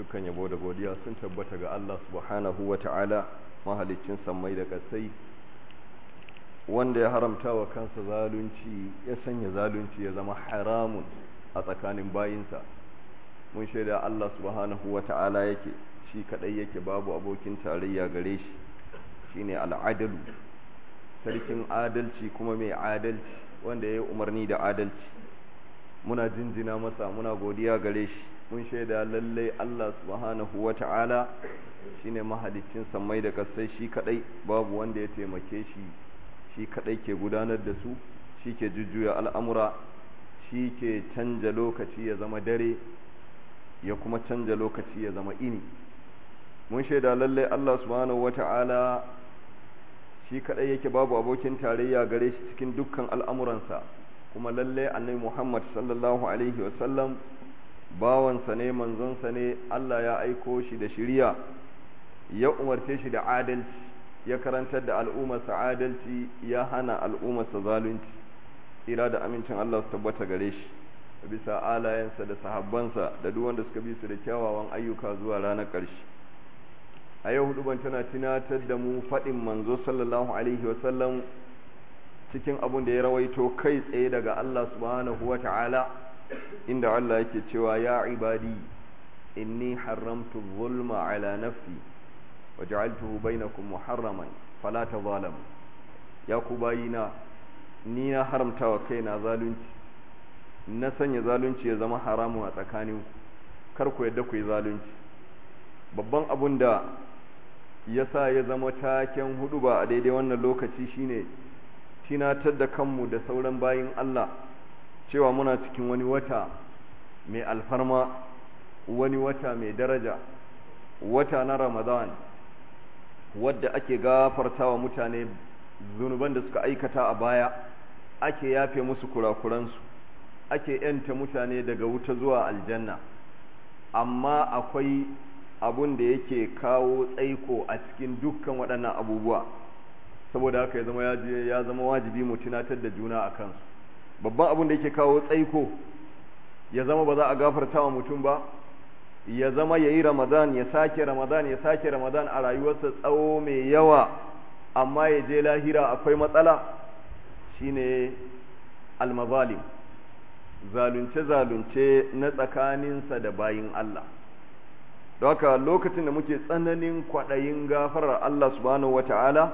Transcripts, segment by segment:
dukkan yabo da godiya sun tabbata ga Allah subhanahu wa ta'ala mahalicin sammai da kasai wanda ya haramta wa kansa zalunci ya sanya zalunci ya zama haramun a tsakanin bayinsa mun shaida Allah subhanahu wa ta'ala yake shi kaɗai yake babu abokin tarayya gare shi shine al'adalu sarkin adalci kuma mai adalci wanda ya yi umarni da adalci muna jinjina masa muna godiya gare shi mun shaida lallai Allah subhanahu wa ta'ala shi ne mahalicin samai da kasai shi kadai babu wanda ya taimake shi shi kadai ke gudanar da su shi ke jujjuya al'amura shi ke canja lokaci ya zama dare ya kuma canja lokaci ya zama ini mun shaida lallai Allah subhanahu wa ta'ala shi kadai yake babu abokin tarayya gare shi cikin dukkan al'amuransa kuma lallai annabi Muhammad sallallahu alaihi wa sallam bawansa ne manzonsa ne Allah ya aiko shi da shirya ya umarce shi da adalci ya karantar da al'ummarsa adalci ya hana al'ummarsa zalunci ira da amincin Allah su tabbata gare shi bisa alayensa da sahabbansa da duk wanda suka bi su da kyawawan ayyuka zuwa ranar ƙarshe a yau hudu ban tana tunatar da mu faɗin manzo sallallahu alaihi wa sallam cikin abun da ya rawaito kai tsaye daga Allah subhanahu wa ta'ala inda Allah yake cewa ya ibadi inni haramtu zulma ala nafsi wa ja'altuhu bainakum muharraman fala tadhalam ya ku bayina ni na haramta wa kaina zalunci na sanya zalunci ya zama haramu a tsakaninku kar ku yadda ku yi zalunci babban abun da ya sa ya zama taken hudu ba a daidai wannan lokaci shine tinatar da kanmu da sauran bayin Allah cewa muna cikin wani wata mai alfarma wani wata mai daraja wata na ramadan wadda ake gafartawa mutane zunuban da suka aikata a baya ake yafe musu kurakuransu ake yanta mutane daga wuta zuwa aljanna amma akwai abun da yake kawo tsaiko a cikin dukkan waɗannan abubuwa saboda haka ya zama wajibi mu tunatar da juna a kansu babban abin da yake kawo tsaiko ya zama ba za a gafarta wa mutum ba ya zama ya yi ramadan ya sake ramadan ya sake ramadan a rayuwarsa tsawo mai yawa amma ya je lahira akwai matsala shine almazalim zalunce-zalunce na tsakaninsa da bayin Allah don haka lokacin da muke tsananin kwaɗayin gafarar Allah subhanahu wa Ta'ala.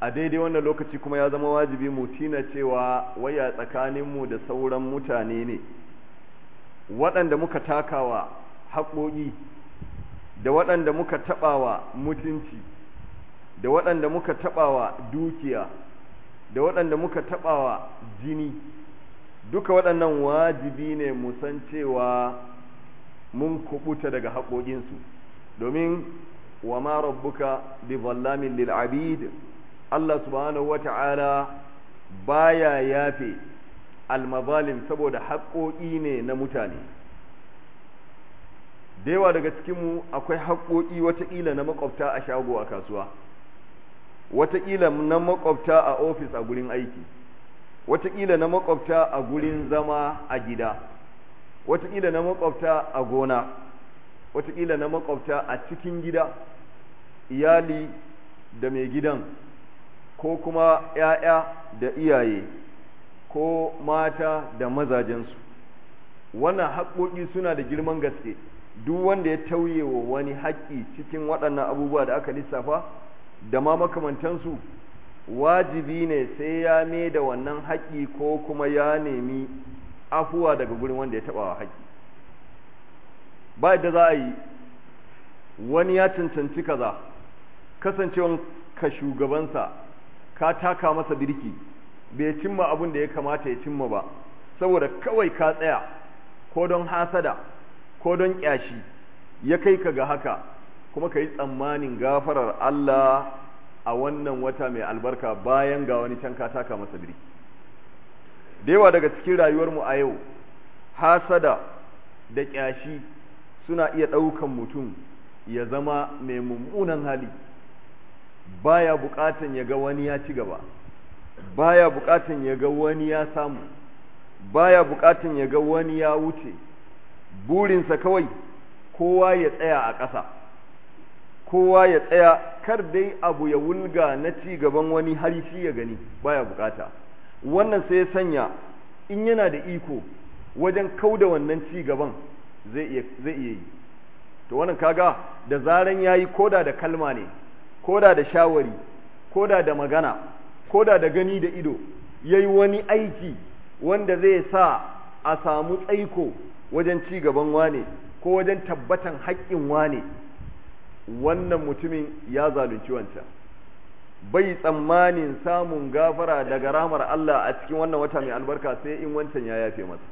a daidai wannan lokaci kuma ya zama wajibi mu tina cewa waya tsakaninmu da sauran mutane ne waɗanda muka takawa haƙoƙi da waɗanda muka taɓawa mutunci da waɗanda muka taɓawa dukiya da waɗanda muka taɓawa jini duka waɗannan wajibi ne musan cewa mun kubuta daga haƙoƙinsu domin wa ma rabbuka bi zallamin lil abid Allah subhanahu wata'ala baya yafe almazalim saboda haƙoƙi ne na mutane da yawa daga cikinmu akwai haƙoƙi wataƙila na makwabta a shago a kasuwa wataƙila na makwabta a ofis a gurin aiki wataƙila na makwabta a gurin zama a gida wataƙila na makwabta a gona wataƙila na makwabta a cikin gida iyali da mai gidan ko kuma ‘ya'ya da iyaye ko mata da mazajensu wannan haƙoƙi suna da girman gaske duk wanda ya tauye wa wani haƙƙi cikin waɗannan abubuwa da aka lissafa da ma makamantansu wajibi ne sai ya me da wannan haƙƙi ko kuma ya nemi afuwa daga gurin wanda ya taɓa wa haƙƙi ba yadda za a yi wani ya cancanci kaza kasancewan ka shugabansa ka taka masa birki bai cimma abin da ya kamata ya cimma ba saboda kawai ka tsaya ko don hasada ko don kyashi ya kai ka ga haka kuma ka yi tsammanin gafarar Allah a wannan wata mai albarka bayan ga wani can ka taka masa birki da yawa daga cikin rayuwarmu a yau hasada da kyashi suna iya ɗaukan mutum ya zama mai mummunan hali baya bukatan ya ga wani ya ci gaba baya bukatan ya ga wani ya samu baya bukatan ya ga wani ya wuce burinsa kawai kowa ya tsaya a ƙasa kowa ya tsaya kar dai abu ya wulga na ci gaban wani har shi ya gani baya bukata wannan sai ya sanya in yana da iko wajen kauda wannan ci gaban zai iya yi to wannan kaga da zaran yayi koda da kalma ne Ko da da shawari koda da magana ko da da gani da ido yayi wani aiki wanda zai sa a samu tsaiko wajen ci gaban wane ko wajen tabbatan haƙƙin wane wannan mutumin ya zalunci wancan bai tsammanin samun gafara daga ramar Allah a cikin wannan wata mai albarka sai in wancan ya yafe masa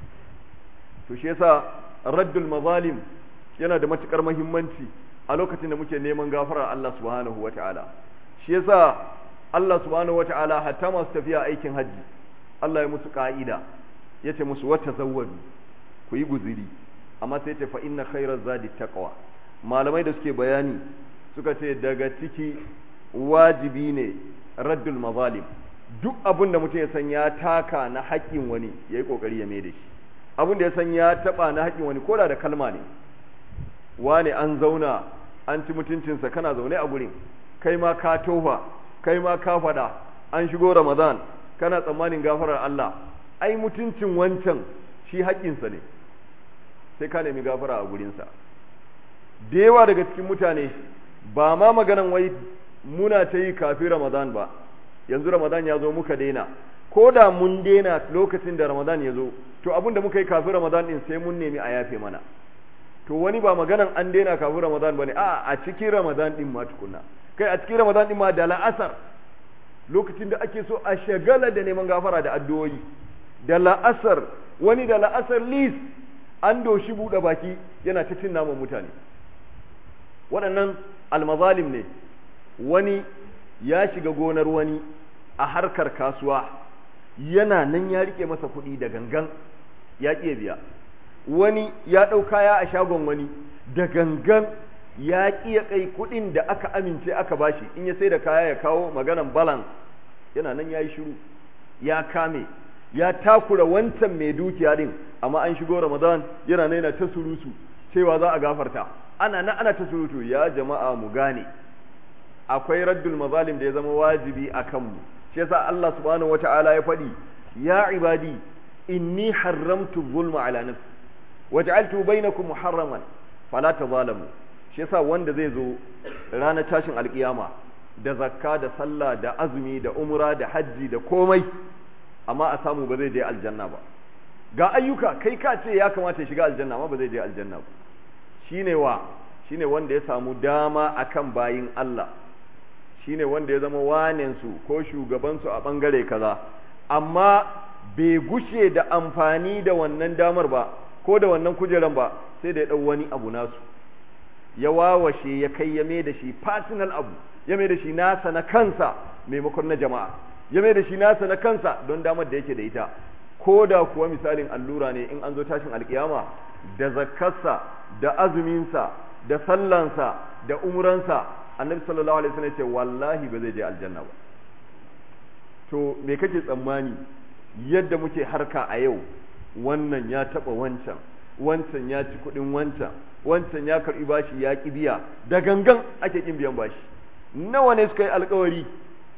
to shi yasa raddul mazalim yana da matukar muhimmanci a lokacin da muke neman gafarar Allah subhanahu wa ta'ala shi yasa Allah subhanahu wa ta'ala hatta masu tafiya aikin hajji Allah ya musu ƙa'ida ya ce musu wata zawwadu ku yi guziri amma sai ta fa'inna inna khairar zadi taqwa malamai da suke bayani suka ce daga ciki wajibi ne raddul mazalim duk abin da mutum ya san ya taka na haƙƙin wani ya yi ƙoƙari ya mai da shi abin da ya san ya taɓa na haƙƙin wani ko da kalma ne wane an zauna an ci mutuncinsa kana zaune a gurin kai ma ka tofa kai ma ka faɗa an shigo ramadan kana tsammanin gafarar Allah ai mutuncin wancan shi haƙƙinsa ne sai ka nemi gafara a gurinsa da yawa daga cikin mutane ba ma maganan wai muna ta yi kafin ramadan ba yanzu ramadan ya zo muka daina ko da mun daina lokacin da ramadan ya zo to abin da muka yi kafin ramadan ɗin sai mun nemi a yafe mana to wani ba maganan an daina kafin ramadan bane a a cikin ramadan din ma tukunna kai a cikin ramadan din ma da la'asar lokacin da ake so a shagala da neman gafara da addu'o'i da la'asar wani da la'asar lis an doshi buɗe baki yana ta cin naman mutane waɗannan almazalim ne wani ya shiga gonar wani a harkar kasuwa yana nan ya rike masa kuɗi da gangan ya ƙiya biya wani ya ɗau kaya a shagon wani da gangan ya ƙi ya kai kuɗin da aka amince aka bashi in ya sai da kaya ya kawo maganan balan yana nan ya yi shiru ya kame ya takura wancan mai dukiya din amma an shigo ramadan yana naina ta surutu cewa za a gafarta ana na ana ta surutu ya jama'a mu gane akwai raddul mazalim da ya zama wajibi a kanmu shi yasa Allah subhanahu wata'ala ya faɗi ya ibadi inni haramtu zulma ala nafsi waj'altu bainakum muharraman fala tazalamu shi yasa wanda zai zo ranar tashin alkiyama da zakka da sallah da azumi da umra da hajji da komai amma a samu ba zai je aljanna ba ga ayyuka kai ka ce ya kamata ya shiga aljanna amma ba zai je aljanna ba shine wa shine wanda ya samu dama akan bayin Allah shine wanda ya zama wanen su ko shugabansu a bangare kaza amma bai gushe da amfani da wannan damar ba ko da wannan kujeran ba sai da ya ɗau wani abu nasu ya wawashe ya kai ya mai da shi personal abu ya mai da shi nasa na kansa maimakon na jama'a ya mai da shi nasa na kansa don damar da yake da ita ko da kuwa misalin allura ne in an zo tashin alkiyama da zakkarsa da azuminsa da sallansa da umuransa. annabi sallallahu alaihi wasallam ce wallahi ba zai je aljanna ba to me kake tsammani yadda muke harka a yau wannan ya taɓa wancan wancan ya ci kuɗin wancan wancan ya karɓi bashi ya ƙi biya da gangan ake ƙin biyan bashi nawa ne suka yi alkawari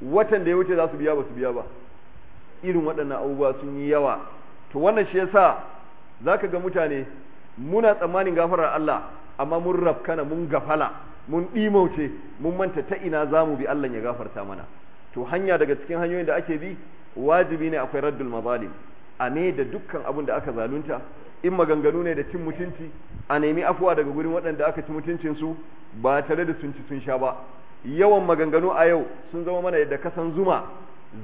watan da ya wuce za su biya ba su biya ba irin waɗannan abubuwa sun yi yawa to wannan shi yasa ka ga mutane muna tsammanin gafarar Allah amma mun rafkana mun gafala mun ɗimauce mun manta ta ina za mu bi Allah ya gafarta mana to hanya daga cikin hanyoyin da ake bi wajibi ne akwai raddul mazalim a ne da dukkan abin da aka zalunta in maganganu ne da cin mutunci a nemi afuwa daga gurin waɗanda aka ci mutuncinsu ba tare da sun ci sun sha ba yawan maganganu a yau sun zama mana yadda kasan zuma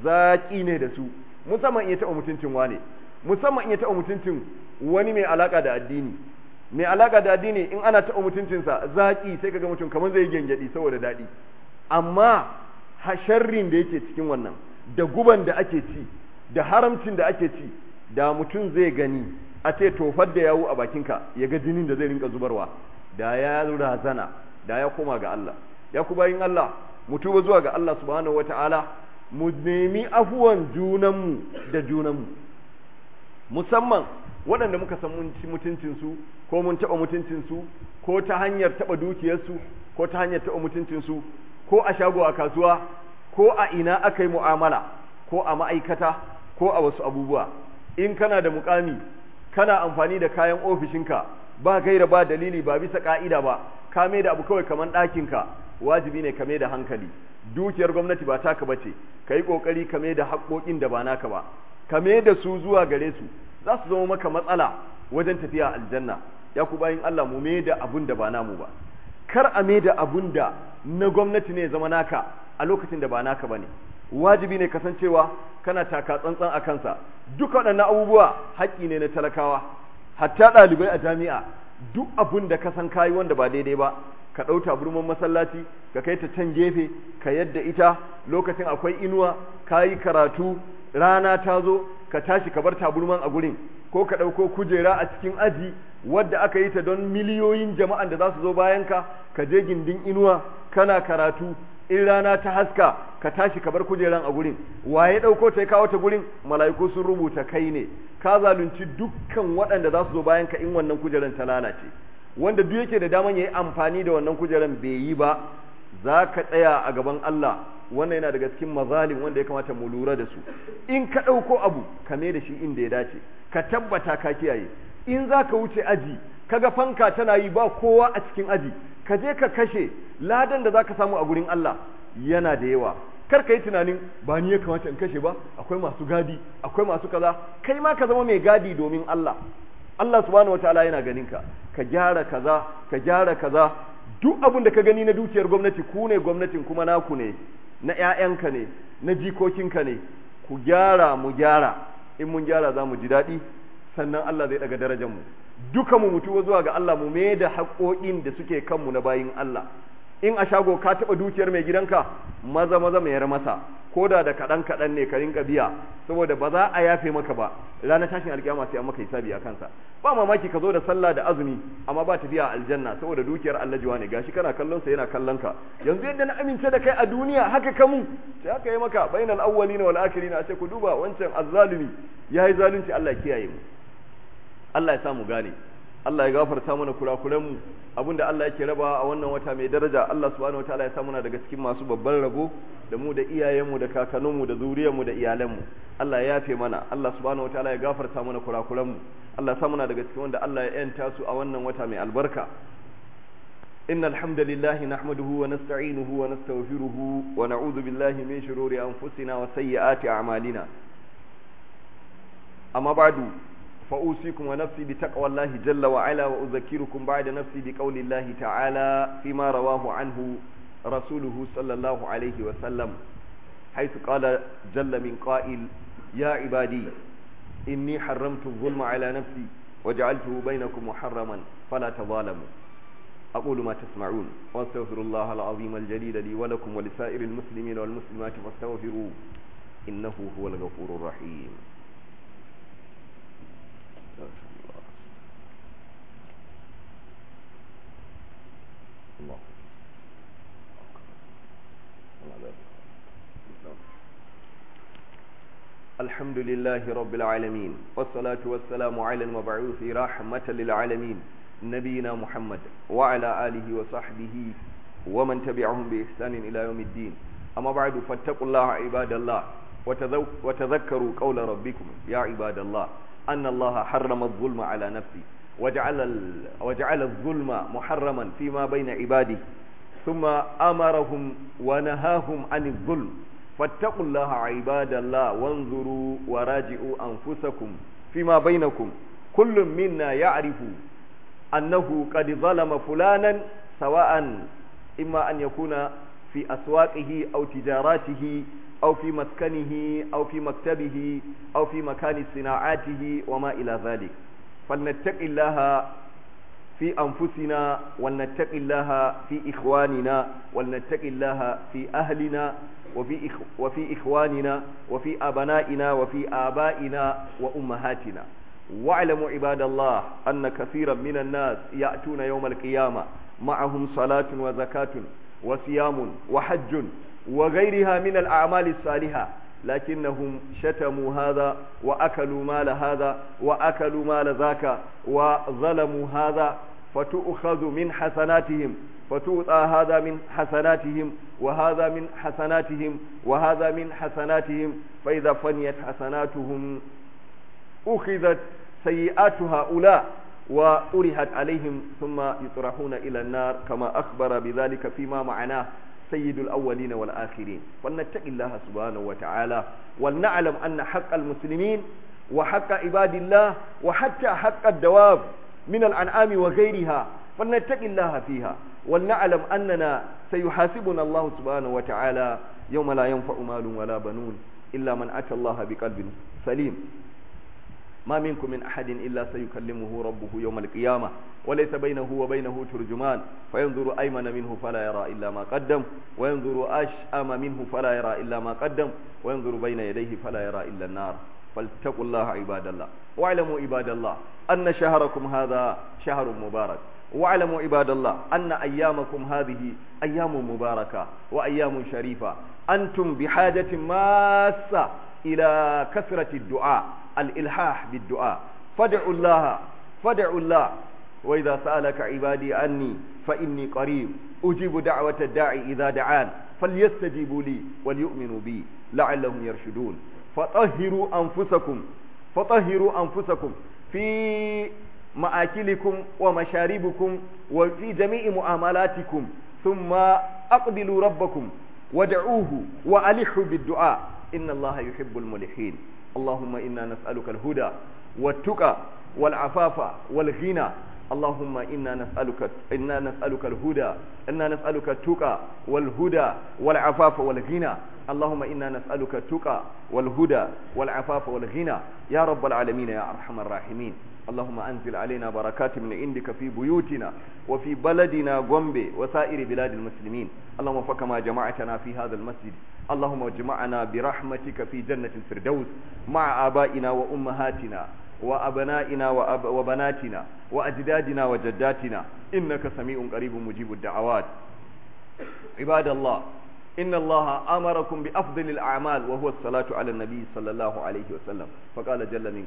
zaƙi ne da su musamman iya taɓa mutuncin wane musamman iya taɓa mutuncin wani mai alaƙa da addini mai alaƙa da addini in ana taɓa mutuncinsa zaƙi sai ka ga mutum kamar zai gyangyaɗi saboda daɗi amma hasharrin da yake cikin wannan da guban da ake ci da haramcin da ake ci da mutum zai gani a ce tofar da yawo a bakin ka ya ga jinin da zai rinka zubarwa da ya razana da ya koma ga Allah ya ku bayin Allah mu tuba zuwa ga Allah subhanahu wataala mu nemi afuwan junanmu da junanmu musamman waɗanda muka san mun ci mutuncinsu ko mun taɓa mutuncinsu ko ta hanyar taɓa dukiyarsu ko ta hanyar taɓa mutuncinsu ko a shago a kasuwa ko a ina aka yi mu'amala ko a ma'aikata ko a wasu abubuwa in kana da mukami kana amfani da kayan ofishinka ba gaira ba dalili ba bisa ka'ida ba ka mai da abu kawai kaman ka wajibi ne ka mai da hankali dukiyar gwamnati ba taka bace ka yi ƙoƙari ka mai da haƙoƙin da ba naka ba ka mai da su zuwa gare su za su zama maka matsala wajen tafiya aljanna ya ku bayin Allah mu mai da abun da ba namu ba kar a mai da abun da na gwamnati ne zama naka a lokacin da ba naka ba ne wajibi ne kasancewa kana taka tsantsan a kansa duk waɗannan abubuwa haƙƙi ne na talakawa hatta ɗalibai a jami'a duk abin da kasan kayi wanda ba daidai ba ka ɗau taburman masallaci ka kai ta can gefe ka yadda ita lokacin akwai inuwa ka yi karatu rana ta zo ka tashi ka bar taburman a gurin ko ka ɗauko kujera a cikin aji wadda aka yi ta don miliyoyin jama'an da za su zo bayan ka ka je gindin inuwa kana karatu in rana ta haska ka tashi ka bar kujeran a gurin waye dauko ta kawo ta gurin mala'iku sun rubuta kai ne ka zalunci dukkan waɗanda za su zo bayan ka in wannan kujeran ta lalace wanda duk yake da daman yayi amfani da wannan kujeran bai yi ba za ka tsaya a gaban Allah wannan yana daga cikin mazalim wanda ya kamata mu lura da su in ka dauko abu ka mai da shi inda ya dace ka tabbata ka kiyaye in za ka wuce aji kaga fanka tana yi ba kowa a cikin aji ka je ka kashe ladan da za ka samu a gurin Allah yana da yawa kar ka yi tunanin ba ni ya kamata in kashe ba akwai masu gadi akwai masu kaza kai ma ka zama mai gadi domin Allah Allah subhanahu wataala yana ganin ka ka gyara kaza ka gyara kaza duk abin da ka gani na dukiyar gwamnati ku ne gwamnatin kuma naku ne na ƴaƴanka ne na jikokinka ne ku gyara mu gyara in mun gyara za mu ji daɗi sannan Allah zai daga darajar mu duka mu mutuwa zuwa ga Allah mu mai da haƙoƙin da suke kanmu na bayin Allah in a shago ka taɓa dukiyar mai gidanka maza maza mai yar masa ko da da kaɗan kaɗan ne ka rinka biya saboda ba za a yafe maka ba ranar tashin alkiyama sai an maka hisabi a kansa ba mamaki ka zo da sallah da azumi amma ba ta tafiya aljanna saboda dukiyar Allah jiwa ne gashi kana kallon sa yana kallon ka yanzu yadda na amince da kai a duniya haka ka mu sai haka yi maka bainal awwalina wal akhirina a ce ku duba wancan azzalimi yayi zalunci Allah kiyaye mu Allah ya sa mu gane Allah ya gafarta mana kurakuranmu abinda Allah yake raba a wannan wata mai daraja Allah subhanahu wataala ya sa muna daga cikin masu babban rabo da mu da iyayenmu da kakanninmu da zuriyarmu da iyalanmu Allah ya yafe mana Allah subhanahu wataala ya gafarta mana kurakuranmu Allah samu sa muna daga cikin wanda Allah ya yanta su a wannan wata mai albarka إن الحمد لله نحمده ونستعينه ونستغفره ونعوذ بالله من شرور أنفسنا وسيئات أعمالنا أما بعد فأوصيكم ونفسي بتقوى الله جل وعلا وأذكركم بعد نفسي بقول الله تعالى فيما رواه عنه رسوله صلى الله عليه وسلم حيث قال جل من قائل يا عبادي إني حرمت الظلم على نفسي وجعلته بينكم محرما فلا تظالموا أقول ما تسمعون واستغفر الله العظيم الجليل لي ولكم ولسائر المسلمين والمسلمات فاستغفروه إنه هو الغفور الرحيم الحمد لله رب العالمين والصلاة والسلام على المبعوث رحمة للعالمين نبينا محمد وعلى آله وصحبه ومن تبعهم بإحسان إلى يوم الدين أما بعد فاتقوا الله عباد الله وتذكروا قول ربكم يا عباد الله أن الله حرم الظلم على نفسه وجعل, وجعل الظلم محرما فيما بين عباده ثم أمرهم ونهاهم عن الظلم فاتقوا الله عباد الله وانظروا وراجعوا أنفسكم فيما بينكم كل منا يعرف أنه قد ظلم فلانا سواء إما أن يكون في أسواقه أو تجاراته أو في مسكنه أو في مكتبه أو في مكان صناعاته وما إلى ذلك فلنتق الله في أنفسنا ولنتق الله في إخواننا ولنتق الله في أهلنا وفي, إخ وفي إخواننا وفي أبنائنا وفي آبائنا وأمهاتنا واعلموا عباد الله أن كثيرا من الناس يأتون يوم القيامة معهم صلاة وزكاة وصيام وحج وغيرها من الأعمال الصالحة لكنهم شتموا هذا وأكلوا مال هذا وأكلوا مال ذاك وظلموا هذا فتؤخذ من حسناتهم فتؤتى هذا من حسناتهم وهذا من حسناتهم وهذا من حسناتهم فإذا فنيت حسناتهم أخذت سيئات هؤلاء وأرهت عليهم ثم يطرحون إلى النار كما أخبر بذلك فيما معناه sayyidul awwalina wal akhirin wannan subhanahu wa ta'ala wal na'lam anna haqqal muslimin wa haqqa ibadillah wa hatta haqqad dawab min al an'ami wa ghayriha wannan fiha wal na'lam annana sayuhasibuna Allah subhanahu wa ta'ala yawma la yanfa'u malun wala banun illa man ata Allah biqalbin salim ما منكم من أحد إلا سيكلمه ربه يوم القيامة وليس بينه وبينه ترجمان فينظر أيمن منه فلا يرى إلا ما قدم وينظر أشأم منه فلا يرى إلا ما قدم وينظر بين يديه فلا يرى إلا النار فالتقوا الله عباد الله واعلموا عباد الله أن شهركم هذا شهر مبارك واعلموا عباد الله أن أيامكم هذه أيام مباركة وأيام شريفة أنتم بحاجة ماسة إلى كثرة الدعاء الإلحاح بالدعاء فادعوا الله فادعوا الله وإذا سألك عبادي عني فإني قريب أجيب دعوة الداعي إذا دعان فليستجيبوا لي وليؤمنوا بي لعلهم يرشدون فطهروا أنفسكم فطهروا أنفسكم في مآكلكم ومشاربكم وفي جميع معاملاتكم ثم أقبلوا ربكم ودعوه وألحوا بالدعاء إن الله يحب الملحين اللهم إنا نسألك الهدى والتقى والعفاف والغنى اللهم إنا نسألك إنا نسألك الهدى إنا نسألك التقى والهدى والعفاف والغنى اللهم إنا نسألك التقى والهدى والعفاف والغنى يا رب العالمين يا أرحم الراحمين اللهم أنزل علينا بركات من عندك في بيوتنا وفي بلدنا غومبي وسائر بلاد المسلمين اللهم فكما جمعتنا في هذا المسجد اللهم اجمعنا برحمتك في جنة الفردوس مع آبائنا وأمهاتنا وأبنائنا وأب وبناتنا وأجدادنا وجداتنا إنك سميع قريب مجيب الدعوات عباد الله inna Allah amarakum bi afdalil a'mal wa salatu ala nabi sallallahu alaihi wasallam fa qala jalla min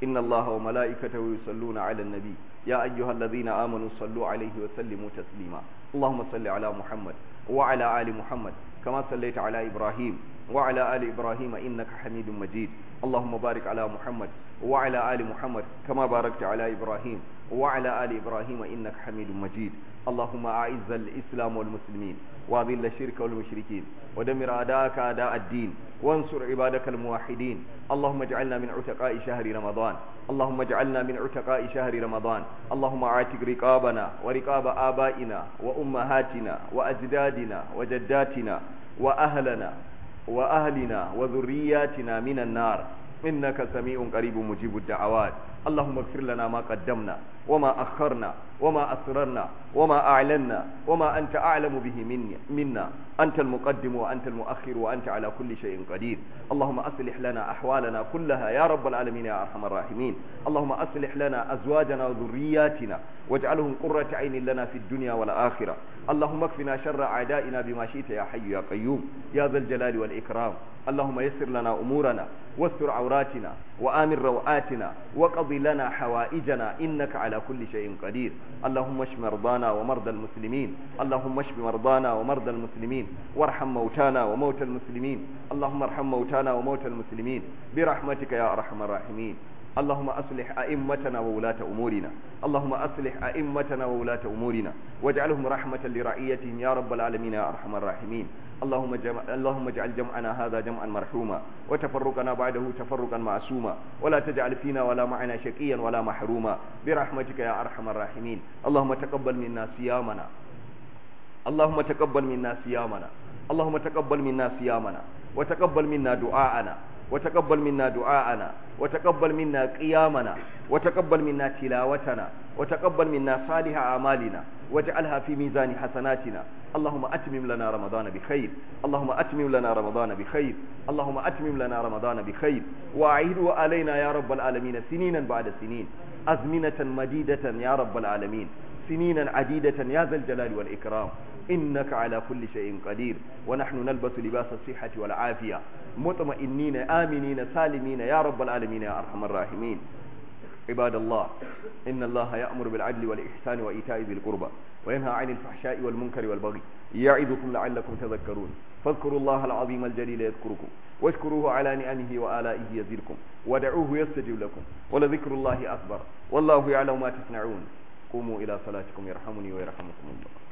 inna Allah wa malaikatahu yusalluna ala nabi ya ayyuhalladhina amanu sallu alaihi wa sallimu taslima اللهم صل على محمد وعلى آل محمد كما صليت على إبراهيم وعلى آل إبراهيم إنك حميد مجيد اللهم بارك على محمد وعلى آل محمد كما باركت على إبراهيم وعلى آل إبراهيم إنك حميد مجيد اللهم أعز الإسلام والمسلمين وأذل الشرك والمشركين ودمر أعداءك أعداء الدين وانصر عبادك الموحدين اللهم اجعلنا من عتقاء شهر رمضان اللهم اجعلنا من عتقاء شهر رمضان اللهم عاتق رقابنا ورقاب آبائنا وأمهاتنا وأجدادنا وجداتنا وأهلنا wa ahlina wa dhurriyyatina minan nar innaka sami'un qaribun mujibud da'awat allahumma ighfir lana ma qaddamna وما أخرنا وما أسررنا وما أعلنا وما أنت أعلم به مني منا أنت المقدم وأنت المؤخر وأنت على كل شيء قدير اللهم أصلح لنا أحوالنا كلها يا رب العالمين يا أرحم الراحمين اللهم أصلح لنا أزواجنا وذرياتنا واجعلهم قرة عين لنا في الدنيا والآخرة اللهم اكفنا شر أعدائنا بما شئت يا حي يا قيوم يا ذا الجلال والإكرام اللهم يسر لنا أمورنا واستر عوراتنا وآمن روآتنا وقضي لنا حوائجنا إنك على كل شيء قدير اللهم اشف مرضانا ومرضى المسلمين اللهم اشف مرضانا ومرضى المسلمين وارحم موتانا وموتى المسلمين اللهم ارحم موتانا وموتى المسلمين برحمتك يا ارحم الراحمين اللهم أصلح أئمتنا وولاة أمورنا اللهم أصلح أئمتنا وولاة أمورنا واجعلهم رحمة لرعيتهم يا رب العالمين يا أرحم الراحمين اللهم جمع اللهم اجعل جمعنا هذا جمعا مرحوما وتفرقنا بعده تفرقا معصوما ولا تجعل فينا ولا معنا شقيا ولا محروما برحمتك يا ارحم الراحمين اللهم تقبل منا صيامنا اللهم تقبل منا صيامنا اللهم تقبل منا صيامنا وتقبل منا دعاءنا وتقبل منا دعاءنا وتقبل منا قيامنا وتقبل منا تلاوتنا وتقبل منا صالح أعمالنا واجعلها في ميزان حسناتنا اللهم أتمم لنا رمضان بخير اللهم أتمم لنا رمضان بخير اللهم أتمم لنا رمضان بخير وأعيد علينا يا رب العالمين سنينا بعد سنين أزمنة مديدة يا رب العالمين سنينا عديدة يا ذا الجلال والإكرام إنك على كل شيء قدير ونحن نلبس لباس الصحة والعافية مطمئنين آمنين سالمين يا رب العالمين يا أرحم الراحمين عباد الله إن الله يأمر بالعدل والإحسان وإيتاء ذي القربى وينهى عن الفحشاء والمنكر والبغي يعظكم لعلكم تذكرون فاذكروا الله العظيم الجليل يذكركم واشكروه على نعمه وآلائه يزدكم ودعوه يستجب لكم ولذكر الله أكبر والله يعلم ما تصنعون قوموا إلى صلاتكم يرحمني ويرحمكم الله